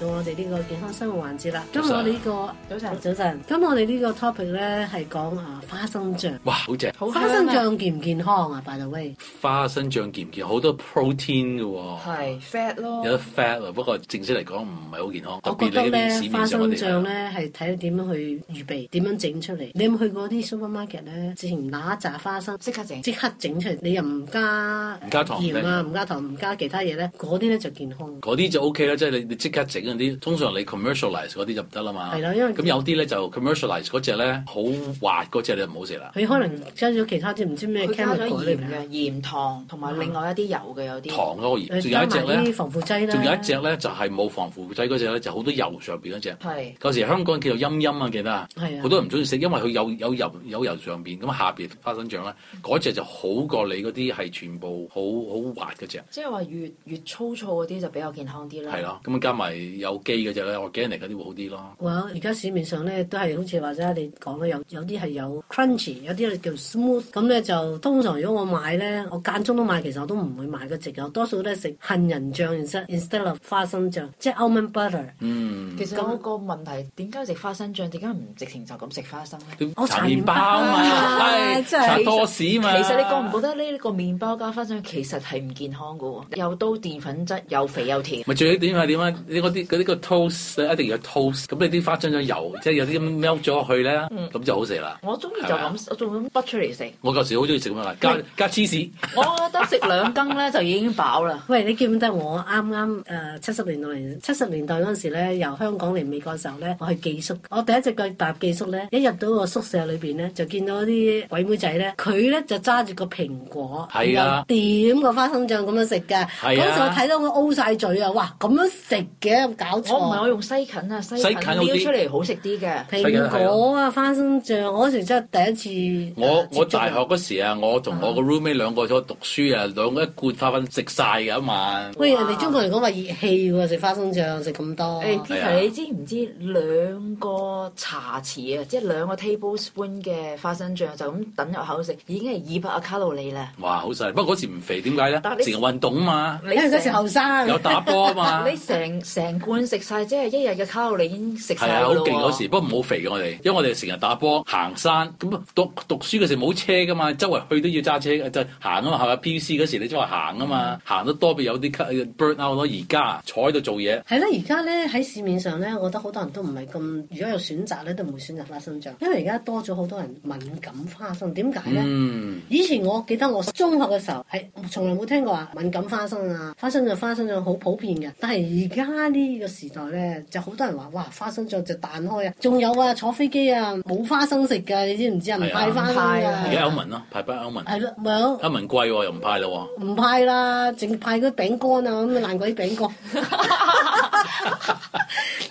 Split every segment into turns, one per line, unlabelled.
到我哋呢個健康生活環節啦。今日我哋，這個，呢個早晨早晨，咁我哋呢個 topic 咧係講啊花生醬。哇，好正啊！花生醬健唔健康啊？By the way，
花生醬健唔健？好多 protein 嘅喎，哦。
係 fat 咯。有得
fat 啊，不過正式嚟講唔係好健康。特別你我，的我覺得咧，花生醬
咧係睇你點樣去預備，點樣整出嚟。你有冇去過啲 supermarket 咧？之前拿一扎花生，即刻整，即刻整出嚟。你又唔加唔，嗯，加糖鹽啊？唔加糖，唔加其他嘢咧，嗰啲咧就健康。
嗰啲就 OK 啦，即係你你即刻。食啲通常你 commercialize 嗰啲就唔得啦嘛，係啦，因為咁有啲咧就 commercialize 嗰隻咧好滑嗰隻你就唔好食啦。佢
可能加咗其他啲唔知咩，加咗鹽嘅鹽、鹽
糖同埋
另外一啲油嘅有啲糖嗰個鹽，仲
有一隻咧，仲有一
隻咧就係冇防腐劑嗰隻咧，就好多油上邊嗰隻。係舊時香港叫做陰陰啊，記得啊，好多人唔中意食，因為佢有有、有油有油上邊咁下邊花生醬咧，嗰隻就好過你嗰啲係全部好好滑嗰隻。即係
話越越粗糙嗰
啲就比較健康啲啦。係咯，咁加埋。有機嘅啫 organic 嗰啲會好啲
咯。Well, 而家市面上咧都係好似話者你講嘅，有有啲係有 crunchy，有啲係叫 smooth。咁咧就通常如果我買咧，我間中都買，其實我都唔會買嗰隻嘅。我多數都係食杏仁醬，instead of 花生醬，即係 almond butter、嗯。其咁我個問題，點解食花生醬？點解唔直情
就咁食花生咧？搽麪包嘛啊！哎、真係搽多士嘛其？其實你覺唔覺得呢一個麪包加花生其實係唔健康嘅喎？又都澱粉質，又肥又甜。咪最
緊要係點啲嗰啲個 toast 一定要 toast，咁你啲花生醬油 即係有啲咁 e 咗落去咧，咁、嗯、就好食啦。我中意就咁，
我仲咁剝出嚟食。
我舊時好中意食乜嘢，加加芝士。
我覺得食兩羹咧 就已經飽啦。 喂，你記唔記得我啱啱誒七十年代、七十年代嗰陣時咧，由香港嚟美國嘅時候咧，我去寄宿。我第一隻腳搭寄宿咧，一入到個宿舍裏邊咧，就見到啲鬼妹仔咧，佢咧就揸住個蘋果，又、啊、點個花生醬咁樣食嘅。嗰陣、啊、我睇到我 O 晒嘴啊！哇，咁樣食嘅～搞我唔係我用西芹啊，西芹搗出嚟好食啲嘅。蘋果啊，花生醬，我嗰時真係第一次。
我、啊、我大學嗰時啊，我同我個 roommate、啊、兩個在讀書啊，兩個一罐花粉食晒嘅啊嘛，
喂，人哋中國人講話熱氣喎，食花生醬食咁多。係、欸啊、你知唔知兩個茶匙啊，
即、就、係、是、兩個 tablespoon 嘅花生醬就咁等入口食，已經係二百卡路里啦。
哇，好犀利！不過嗰時唔肥，點解咧？成日運動啊嘛。
你嗰時後生。欸、 有打波啊嘛。你成成。罐食晒，即係一日嘅卡路里已經食晒咯。係啊，好勁嗰時，
不過唔好肥嘅我哋，因為我哋成日打波行山。咁讀讀書嗰時冇車噶嘛，周圍去都要揸車，就行啊嘛，係咪？PVC 嗰時你周圍行啊嘛，行得多咪有啲咳，burn out 咯。而家坐喺度做嘢
係咯，而家咧喺市面上咧，我覺得好多人都唔係咁。如果有選擇咧，都唔會選擇花生醬，因為而家多咗好多人敏感花生。點解咧？以前我記得我中學嘅時候係從來冇聽過話敏感花生啊，花生醬、花生醬好普遍嘅。但係而家呢？呢、這個時代咧，就好多人話：哇，花生醬就彈開啊！仲有啊，坐飛機啊，冇花生食嘅，你知唔知啊？唔派返、啊？生㗎、啊。而家歐
文咯、啊，派
返歐文。係咯、啊，係歐
文貴、啊、又唔派喎、啊。
唔派啦，淨派嗰啲餅乾啊，咁爛鬼餅乾。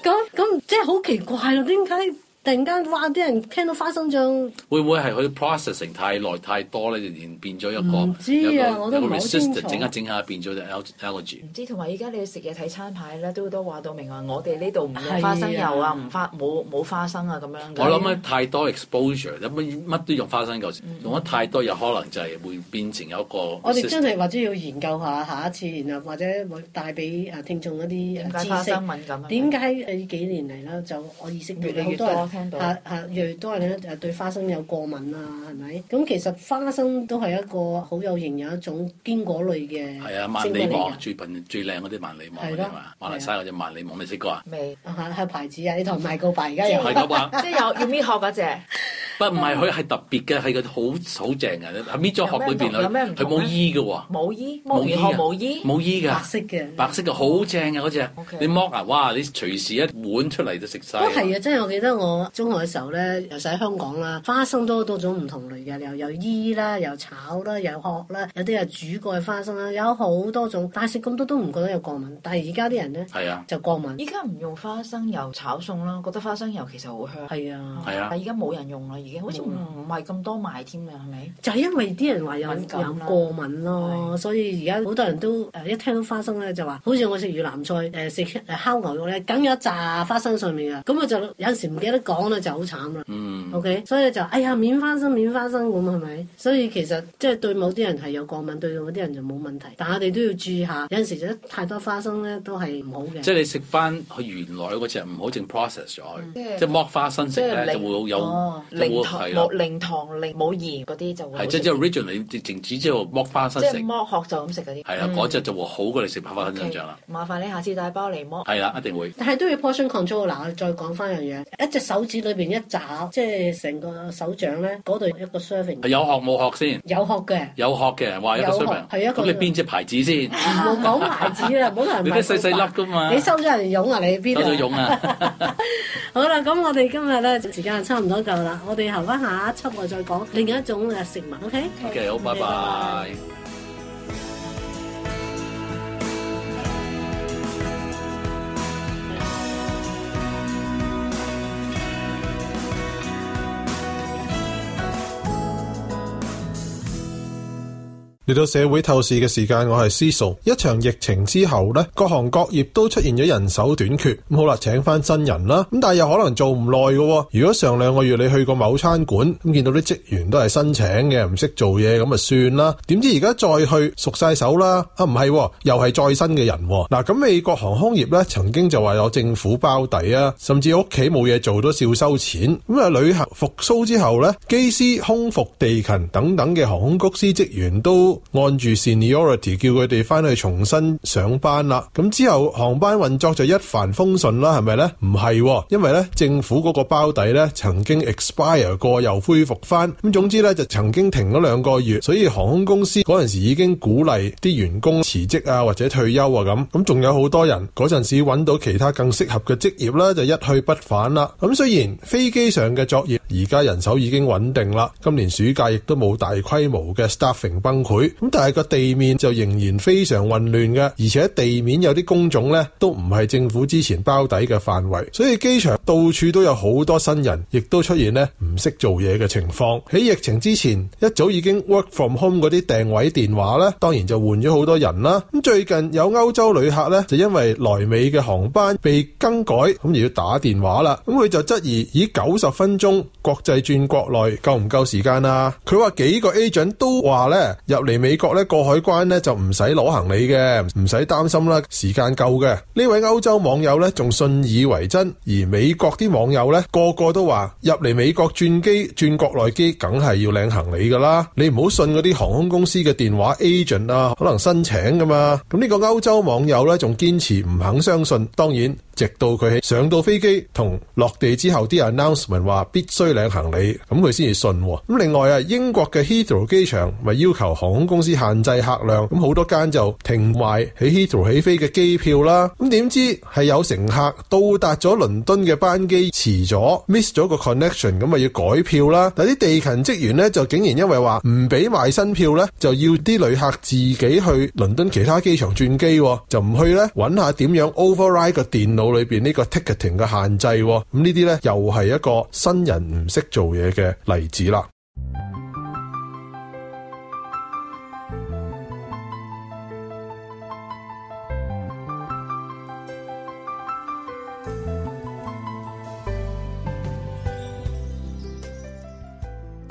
咁 咁， 即係好奇怪咯、啊，點解？突然間，哇！啲人聽到花生醬，
會唔會係佢 processing 太耐太多咧，而變變咗一個唔知啊！我都唔清楚，整下整下變咗就 all allergy 唔
知，同埋依家你食嘢睇餐牌咧，都都話到明話，我哋呢度唔用花生油啊，唔花冇冇花生啊咁樣。我
諗太多 exposure，乜都用花生油，用得太多有可能就係會變成有一個。我哋、啊啊啊嗯嗯、真係或
者要研究下，下一次，然後或者會帶俾啊聽眾一啲知識。點解花生敏感啊？點解喺幾年嚟啦？就我意識到好多。嚇嚇、嗯，都對花生有過敏啊，係咪？咁其實花生都係一個好有營養一種堅果類嘅。係啊，萬里望
最品最靚嗰啲萬里望嗰啲嘛，馬來西亞嗰隻萬里望未食過
啊？未係牌子啊！你同埋個牌，而 家是有即係有要咩搣殼
唔係佢係特別嘅，係個好好正嘅，搣咗殼裏邊啦，佢冇衣嘅喎。
冇衣，冇殼
冇衣，冇衣嘅，白色嘅，白色嘅好正嘅嗰隻。Okay. 你剝啊，哇！你隨時一碗出嚟就食晒。都係
啊！真係我記得我中學嘅時候咧，又喺香港啦，花生都好多種唔同類嘅，又有衣啦，又炒啦，又殼啦，有啲又煮過嘅花生啦，有好多種。但係食咁多都唔覺得有過敏，但係而家啲人咧、係啊、就過敏。依家唔用花生油炒餸啦，覺得花生油其實好香。係啊，係啊，但係依家
冇人用啦。好似唔唔係咁多賣添啊，係咪？
就係、是、因為啲人話有有過敏咯，所以而家好多人都誒、呃、一聽到花生咧就話，好似我食越南菜誒食誒烤牛肉咧，梗有一紮花生上面嘅，咁啊就有時唔記得講啦，就好慘啦。嗯、o、okay? K，所以就哎呀免花生免花生咁係咪？所以其實即係、就是、對某啲人係有過敏，對某啲人就冇問題，但我哋都要注意一下，有陣時食太多花生咧都係唔好嘅、嗯嗯。即
係你食翻佢原來嗰隻唔好凈 process 咗佢、嗯，即係剝花生食咧就會有係啦，零
糖零冇鹽嗰啲就會。即係即係
original，淨淨止即係剝花生，即係剝
殼就咁食嗰啲。係啦，嗰隻
就會好過你食白花生醬啦。Okay,
麻煩你下次帶包嚟剝，
係啦，一定會。但係
都要 portion control。嗱，我再講返一樣嘢，一隻手指裏面一揸，即係成個手掌呢，嗰度一個 serving。
有殼冇殼先。有殼嘅。有殼嘅，話一個有 serving 一個。係一咁你邊隻牌子先？
冇、啊、講牌子啦，冇 人包包。你啲細細粒
噶嘛？你收
咗人傭啊？你邊？收咗啊？好啦，咁我哋今日咧時間就差唔多夠啦，我哋後翻下一輯我再講另一種食物。OK，OK，好，
拜拜。
嚟到社會透視嘅時間，我係思素。一場疫情之後咧，各行各業都出現咗人手短缺。咁好啦，請翻新人啦。咁但係又可能做唔耐嘅。如果上兩個月你去過某餐館，咁見到啲職員都係新請嘅，唔識做嘢，咁啊算啦。點知而家再去熟晒手啦？啊，唔係、哦，又係再新嘅人、哦。嗱、啊，咁美國航空業咧，曾經就話有政府包底啊，甚至屋企冇嘢做都少收錢。咁啊，旅行復蘇之後咧，機師、空服、地勤等等嘅航空公司職員都。按住 seniority 叫佢哋翻去重新上班啦，咁之後航班運作就一帆風順啦，係咪呢？唔係，啊，因為呢政府嗰個包底呢曾經 expire 過又恢復翻，咁總之呢，就曾經停咗兩個月，所以航空公司嗰陣時已經鼓勵啲員工辭職啊或者退休啊咁，咁仲有好多人嗰陣時揾到其他更適合嘅職業啦，就一去不返啦。咁雖然飛機上嘅作業，而家人手已經穩定啦，今年暑假亦都冇大規模嘅 staffing 崩潰，咁但係個地面就仍然非常混亂嘅，而且地面有啲工種咧都唔係政府之前包底嘅範圍，所以機場到處都有好多新人，亦都出現咧唔識做嘢嘅情況。喺疫情之前，一早已經 work from home 嗰啲訂位電話咧，當然就換咗好多人啦。咁最近有歐洲旅客咧，就因為來美嘅航班被更改，咁而要打電話啦，咁佢就質疑以九十分鐘，國際轉國內夠唔夠時間啊？佢話幾個 agent 都話咧，入嚟美國咧過海關咧，就唔使攞行李嘅，唔使擔心啦，時間夠嘅。呢位歐洲網友咧仲，信以為真，而美國啲網友咧個個都話入嚟美國轉機轉國內機，梗係要領行李噶啦。你唔好信嗰啲航空公司嘅電話 agent 啊，可能新請噶嘛。咁呢個歐洲網友咧仲堅持唔肯相信，當然。直到佢上到飛機同落地之後啲 announcement 話必須領行李，咁佢先至信哦。咁另外啊，英國嘅 Heathrow 機場咪要求航空公司限制客量，咁好多間就停埋喺 Heathrow 起飛嘅機票啦。咁點知係有乘客到達咗倫敦嘅班機遲咗，miss 咗個 connection，咁咪要改票啦。但啲地勤職員咧就竟然因為話唔俾賣新票咧，就要啲旅客自己去倫敦其他機場轉機哦，就唔去咧揾下點樣 override 個電腦。裏邊呢個 ticketing 嘅限制，咁呢啲咧又係一個新人唔識做嘢嘅例子啦。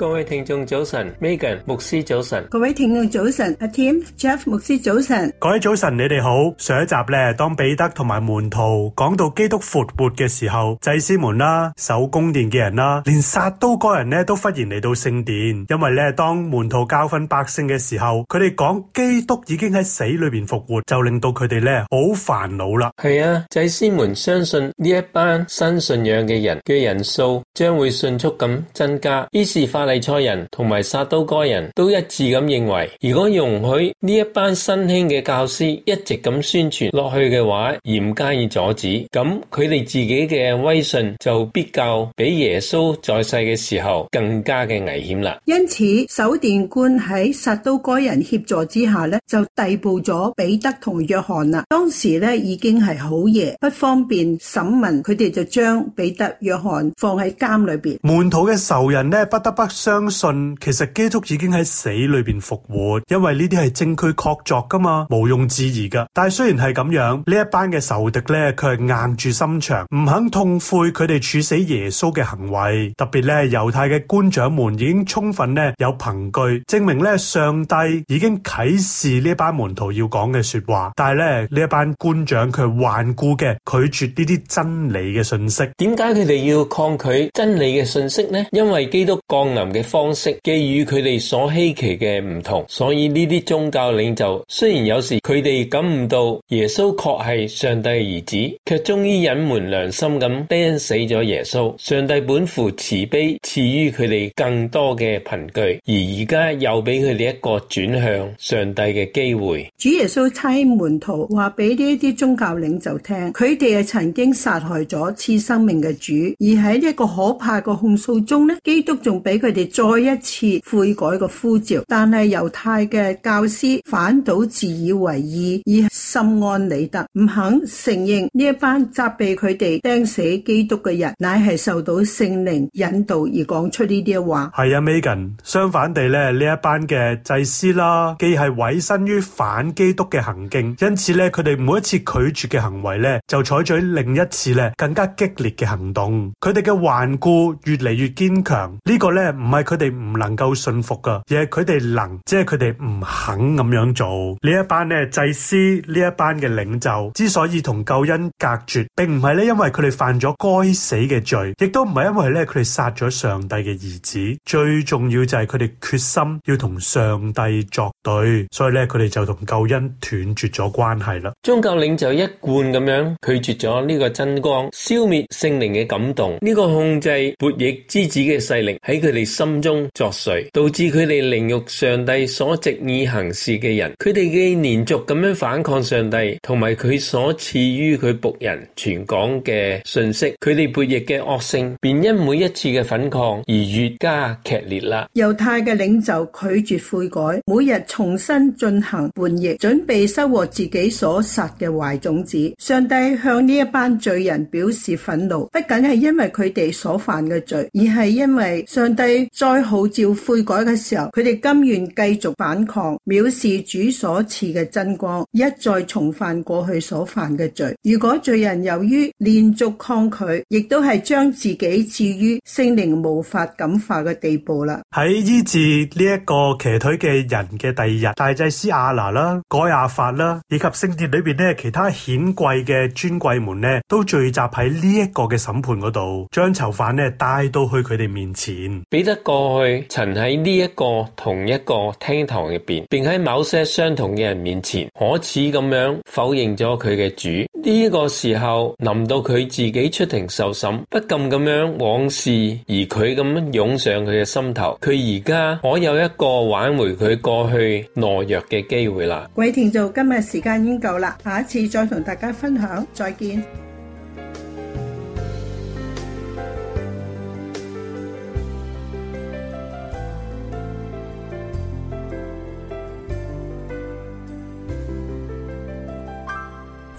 各位聽眾早晨，Megan 牧師早晨，各
位聽眾早晨，阿 Tim、Jeff 牧師早晨，
各位早晨，你哋好。上一集咧，當彼得同埋門徒講到基督復活嘅時候，祭司們啦、守宮殿嘅人啦，連撒都該人咧，都忽然嚟到聖殿，因為咧，當門徒教訓百姓嘅時候，佢哋講基督已經喺死裏邊復活，就令到佢哋咧好煩惱啦。係啊，
祭司們相信呢一班新信仰嘅人嘅人數將會迅速咁增加，於是發。祭賽人同埋撒都該人都一致咁認為，如果容許呢一班新興嘅教師一直咁宣傳落去嘅話，而不加以阻止，咁佢哋自己嘅威信就比較比耶穌在世嘅時候更加嘅危險啦。
因此，守殿官喺撒都該人協助之下咧，就逮捕咗彼得同約翰啦。當時咧已經係好夜，不方便審問，佢哋就將彼得、約翰放喺監裏邊。
門徒嘅仇人咧，不得不。相信其實基督已經喺死裏邊復活，因為呢啲係證據確鑿噶嘛，毋庸置疑噶。但係雖然係咁樣，呢一班嘅仇敵呢，佢係硬住心腸，唔肯痛悔佢哋處死耶穌嘅行為。特別咧，猶太嘅官長們已經充分咧有憑據證明咧，上帝已經啟示呢班門徒要講嘅說話。但係咧，呢一班官長佢係頑固嘅，拒絕呢啲真理嘅信息。點解佢哋要抗拒真理嘅信息
呢？因為基督降臨嘅方式，基於佢哋所稀奇嘅唔同，所以呢啲宗教領袖雖然有時佢哋感悟到耶穌確係上帝兒子，卻終於隱瞞良心咁釘死咗耶穌。上帝本乎慈悲賜予佢哋更多嘅憑據，而而家又俾佢哋一個轉向上帝嘅機會。
主耶穌差門徒話俾呢啲宗教領袖聽，佢哋係曾經殺害咗賜生命嘅主，而喺一個可怕嘅控訴中呢，基督仲俾佢。佢哋再一次悔改個呼召，但係猶太嘅教師反倒自以為義，而心安理得，唔肯承認呢一班責備佢哋釘死基督嘅人，乃係受到聖靈引導而講出呢啲話。
係啊，Megan，相反地咧，呢一班嘅祭司啦，既係委身於反基督嘅行徑，因此咧，佢哋每一次拒絕嘅行為咧，就採取另一次咧更加激烈嘅行動。佢哋嘅頑固越嚟越堅強，這個、呢個咧。唔係佢哋唔能夠信服噶，而係佢哋能，即係佢哋唔肯咁樣做。呢一班呢祭司，呢一班嘅領袖之所以同救恩隔絕，並唔係咧因為佢哋犯咗該死嘅罪，亦都唔係因為咧佢哋殺咗上帝嘅兒子。最重要就係佢哋決心要同上帝作對，所以咧佢哋就同救恩斷絕咗關係啦。
宗教領袖一貫咁樣拒絕咗呢個真光，消滅聖靈嘅感動，呢、呢個控制悖逆之子嘅勢力喺佢哋心中作祟，導致佢哋凌辱上帝所旨意行事嘅人。佢哋嘅連續咁樣反抗上帝，同埋佢所賜予佢僕人傳講嘅信息，佢哋背逆嘅惡性，便因每一次嘅反抗而越加劇烈啦。
猶太嘅領袖拒絕悔改，每日重新進行叛逆，準備收穫自己所撒嘅壞種子。上帝向呢一班罪人表示憤怒，不僅係因為佢哋所犯嘅罪，而係因為上帝。再號召悔改嘅時候，佢哋甘願繼續反抗，藐視主所賜嘅真光，一再重犯過去所犯嘅罪。如果罪人由於連續抗拒，亦都係將自己置於聖靈無法感化嘅地步啦。
喺醫治呢一個騎腿嘅人嘅第二日，大祭司亞拿啦、該亞法啦，以及聖殿裏邊呢其他顯貴嘅尊貴們呢，都聚集喺呢一個嘅審判嗰度，將囚犯呢帶到去佢哋面前，
俾。一過去曾喺呢一個同一個廳堂入邊，並喺某些相同嘅人面前，可恥咁樣否認咗佢嘅主。呢個時候，臨到佢自己出庭受審，不禁咁樣往事而佢咁樣湧上佢嘅心頭。佢而家可有一個挽回佢過去懦弱嘅機會啦。
鬼田做今日時間已經夠啦，下一次再同大家分享，再見。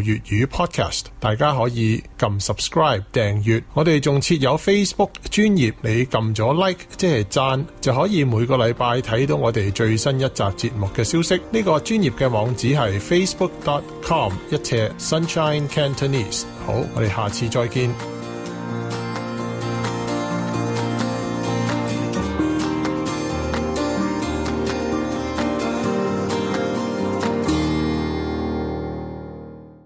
粵語 podcast，大家可以撳 subscribe 訂閱。我哋仲設有 Facebook 專頁，你撳咗 like 即係讚，就可以每個禮拜睇到我哋最新一集節目嘅消息。呢個專業嘅網址係 facebook.com 一切 Sunshine Cantonese。好，我哋下次再見。